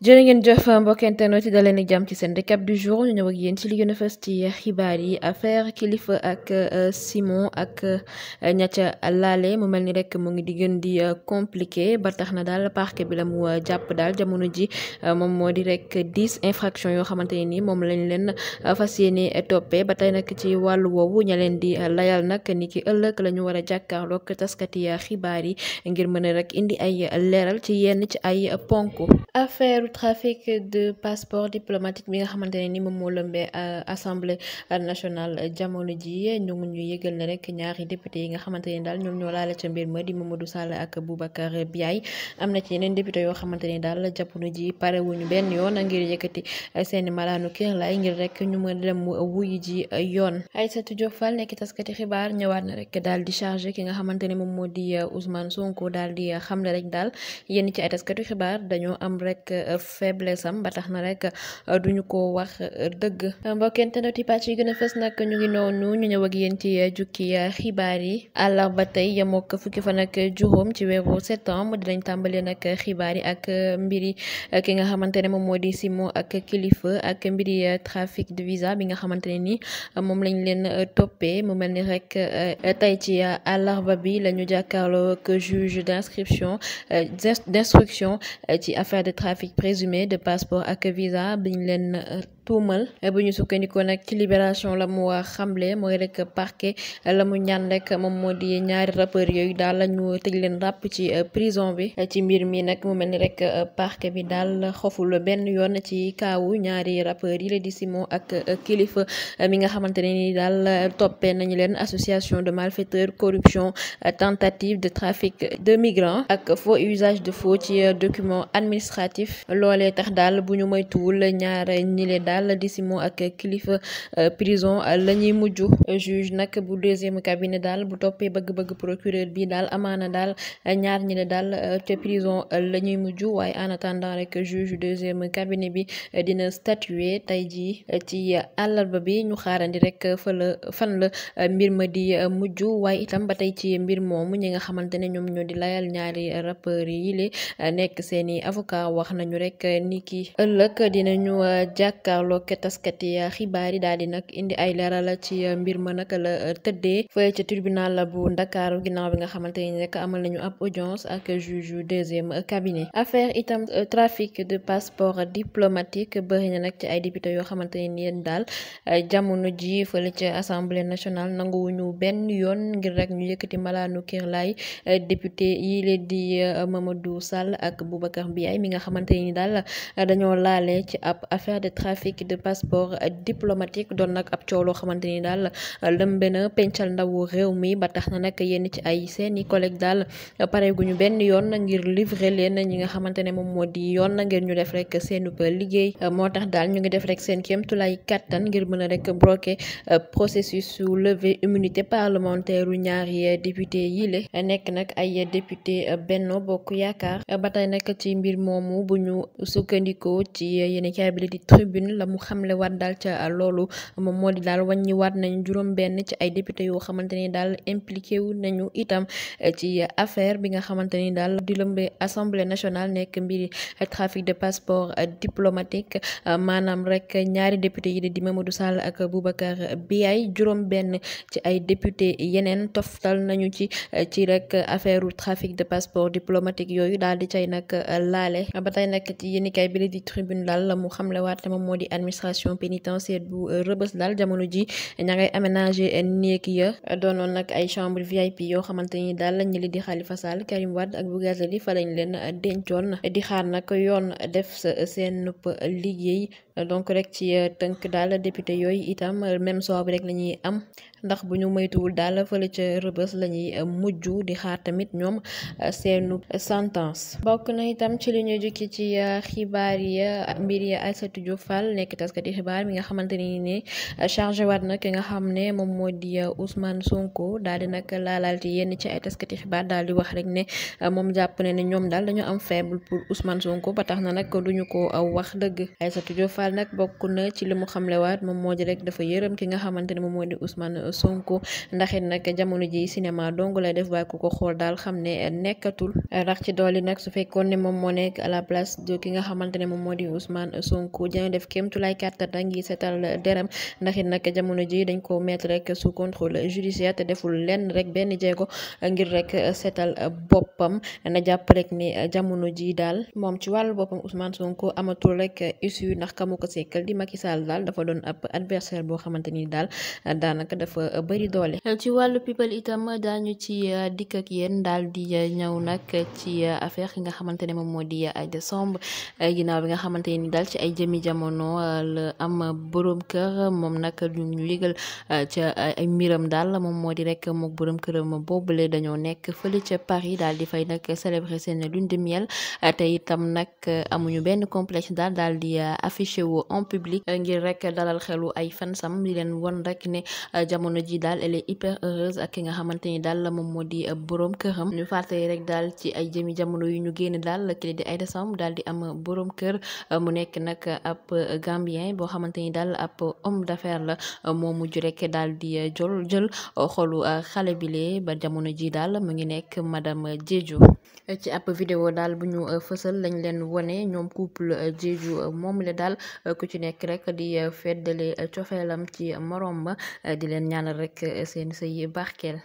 jërë ngeen jëf mbokk internet yi da leen jàmm ci seen récap du jour ñu ñëw ak yéen ci li gën a ci xibaar yi affaire kilifa ak euh, Simon ak ñaca euh, laale mu mel ni rek mu ngi di gën di euh, compliqué ba tax na daal parquet bi la mu jàpp daal jamono ji moom moo di rek dix infractions yoo xamante ne ni moom lañ leen fas yéene toppee ba tey nag ci wàllu woowu ña leen di layal nag ni ki ëllëg la ñu war a jàkkaarloog taskati xibaar yi ngir mën a rek indi ay leeral ci yenn ci ay ponk trafic de passeport diplomatique bi nga xamante ne ni moom moo lëmbee euh, assemblée nationale euh, jamono ji ñu ngi ñu yëgal ne rek ñaari député yi nga xamante ne daal ñoom ñoo laale ca mbir ma di Mamadou Sall ak Boubacar Biaye am na ci yeneen député yoo xamante ne daal jamono ji pare ñu benn yoon ngir yëkkati seen malaanu kër laay ngir rek ñu mën a dem wuyu ji yoon. ay Diop Fall nekk taskati xibaar ñëwaat na rek daal di chargé ki nga xamante ne moom moo di euh, Ousmane Sonko daal di xam xamle rek daal yenn ci ay taskati xibaar dañoo am rek. faiblesse am ba tax na rek euh, duñu ko wax euh, dëgg mbokkente na ti pàcc yi gën a fës nag ñu ngi noonu ñu ñëw ak yéen ci euh, jukki xibaar yi àllarba tey yemoo ko fukki fa ak juróom ci weeru septembre dinañ tàmbale nag xibaar yi ak mbiri ki nga xamante ne moom moo di Simon ak Kilifeu ak mbiri trafic de visa bi nga xamante ne ni moom lañ leen toppee mu mel ni rek tey ci àllarba bi la ñu jàkkaarloo ak juge d'inscription d'instruction ci affaire de trafic résumé de passeport ak visa biñ leen euh, tuumal eh, bu ñu sukkandikoo nag ci libération la mu euh, xamle mooy rek parquet euh, la mu ñaan rek moom moo di ñaari rappeur yooyu daal lañu ñu tëj leen ràpp ci euh, prison bi ci mbir mi nag mu mel ni rek parquet bi daal xoful benn yoon ci kaawu ñaari rappeur yi la di Simon ak kilifa mi nga xamante ne ni daal toppee nañu leen association de malfaiteurs corruption tentative de trafic de migrants ak faux usage de faux ci document administratif loolee tax daal bu ñu daal Dissi moo ak kilifa euh, prison euh, la ñuy mujj euh, juge nag bu deuxième cabinet daal bu toppee bëgg-bëgg procureur bi daal amaana daal ñaar ñi ne daal ca prison la ñuy mujj waaye en attendant rek juge deuxième cabinet bi dina statuer tey jii ci àllarba bi ñu xaarandi rek fa fan la mbir ma di mujj waaye itam ba tey ci mbir moomu ñi nga xamante ne ñoom ñoo di layal ñaari rappeur yi le nekk seeni avocat wax nañu rek ni ki ëllëg dinañu jàkkaar jàkkaarloo taskat yi eh, xibaar yi daal di nag indi ay leeral ci eh, mbir ma naka la eh, tëddee fële ca tribunal bu Ndakaaru ginnaaw bi nga xamante ni rek amal nañu ab audience ak juge yu deuxième cabinet affaire itam trafic de passeport diplomatique bëri na nag ci ay député yoo xamante ni yéen daal jamono ji fële ca assemblée nationale nanguwuñu benn yoon ngir rek ñu yëkkati malaanu lay député yi leen di Mamadou Sall ak Boubacar Biaye mi nga xamante ni daal trafic de passeport diplomatique doon nag ab coow loo xamante ni daal lëmbe na pencal ndawu réew mii ba tax na nag yenn ci ay seeni collègue daal pare ñu benn yoon nag ngir livrer leen ñi nga xamante ne moom moo di yoon ngir ñu def rek seenub liggéey moo tax daal ñu ngi def rek seen kéemtulaay kàttan ngir mën a rek bloquer processus su levée immunité parlementaire u ñaari député yi le nekk nag ay député Benno Bokk Yaakaar ba tey nag ci mbir moomu bu ñu sukkandikoo ci yenn kaabile tribune la mu xamle waat daal ca loolu moom moo di daal wàññi waat nañu juróom benn ci ay député yoo xamante ni daal impliqué wu nañu itam ci affaire bi nga xamante ni daal di lëmbee assemblée nationale nekk mbiri trafic de passeport diplomatique maanaam rek ñaari député yi di du Sall ak bi Biaye juróom benn ci ay député yeneen toftal nañu ci ci rek affaire trafic de passeport diplomatique yooyu daal di cay nag laale ba tey nag ci yéenikaay bi la administration pénitentiaire bu euh, rëbës daal jamono ji ña ngay aménager néeg ya dono nag ay chambre VIP yoo xamante ni daal ñi li di Khalifa Sall Karim Wade ak Bougazelli fa lañ leen dencoon na di xaar nag yoon def seen liggéey donc rek ci euh, tënk daal député yooyu itam euh, même soob rek la ñuy am ndax bu ñu moytuwul daal fële ca rëbës la ñuy euh, mujj di xaar tamit ñoom euh, seenu sentence bokk na itam ci li ñu jukki ci euh, xibaar yi mbir yi Aïssatou Diop Fall nekk taskati xibaar mi nga xamante ni ne chargé waat na ki nga xam ne moom moo di Ousmane Sonko daal di nag laalaal ci yenn ci ay taskati xibaar daal di wax rek ne moom jàpp ne ne ñoom daal dañu am faible pour Ousmane Sonko ba tax na nag duñu ko wax dëgg Aïssatou Diop Fall nag bokk na ci li mu xamlewaat moom moo di rek dafa yërëm ki nga xamante ne moom moo di Ousmane Sonko ndax it nag jamono ji cinéma dong lay def waaye ku ko xool daal xam ne nekkatul rax ci dool yi nag su fekkoon ne moom moo nekk à la place de ki nga xamante ne moom moo di Ousmane Sonko dinañ def kéem tolluwaay kàttan da ngi seetal deram ndax it nag jamono ji dañ ko mettre rek sous contrôle judiciaire te deful lenn rek benn jéego ngir rek seetal boppam na jàpp rek ni jamono ji daal moom ci wàllu boppam Ousmane Sonko amatul rek issue ndax kamu ko sekkal di Macky Sall daal dafa doon ab adversaire boo xamante daal daanaka dafa dafa bëri doole eh, ci wàllu people itam daañu ci eh, dikk ak yéen daal di eh, ñëw nag ci affaire yi nga xamante ne moom moo di ay Aïda Samb ginnaaw bi nga xamante ni daal ci ay jëmi jamono la am boroom kër moom nag ñu ñu yëgal ca ay mbiram daal moom moo di rek mook boroom këram boobule dañoo nekk fële ca Paris daal di fay nag célébrer seen lune de miel te itam nag amuñu benn complexe dal daal di affiché wu en public ngir rek dalal xelu ay fansam di leen won rek jamono ji daal elle hyper heureuse ak ki nga xamante ni daal la moom moo di euh, boroom këram ñu fàttali rek daal ci ay jëmi jamono yu ñu génn daal kii di Aïda Samb daal di am boroom kër euh, mu nekk nag ab Gambien boo xamante ni daal ab homme d'affaires la euh, moo mujj rekk daal di jol jël xolu xale bile ba jamono jii daal mu ngi nekk madame Diédhiou ci ab vidéo daal bu ñu euh, fësal lañ leen wone ñoom couple Jeeju euh, moom le daal euh, ku ci nekk rek di feddale cofeelam ci morom ba di leen ñaanal rek seen sëy barkeel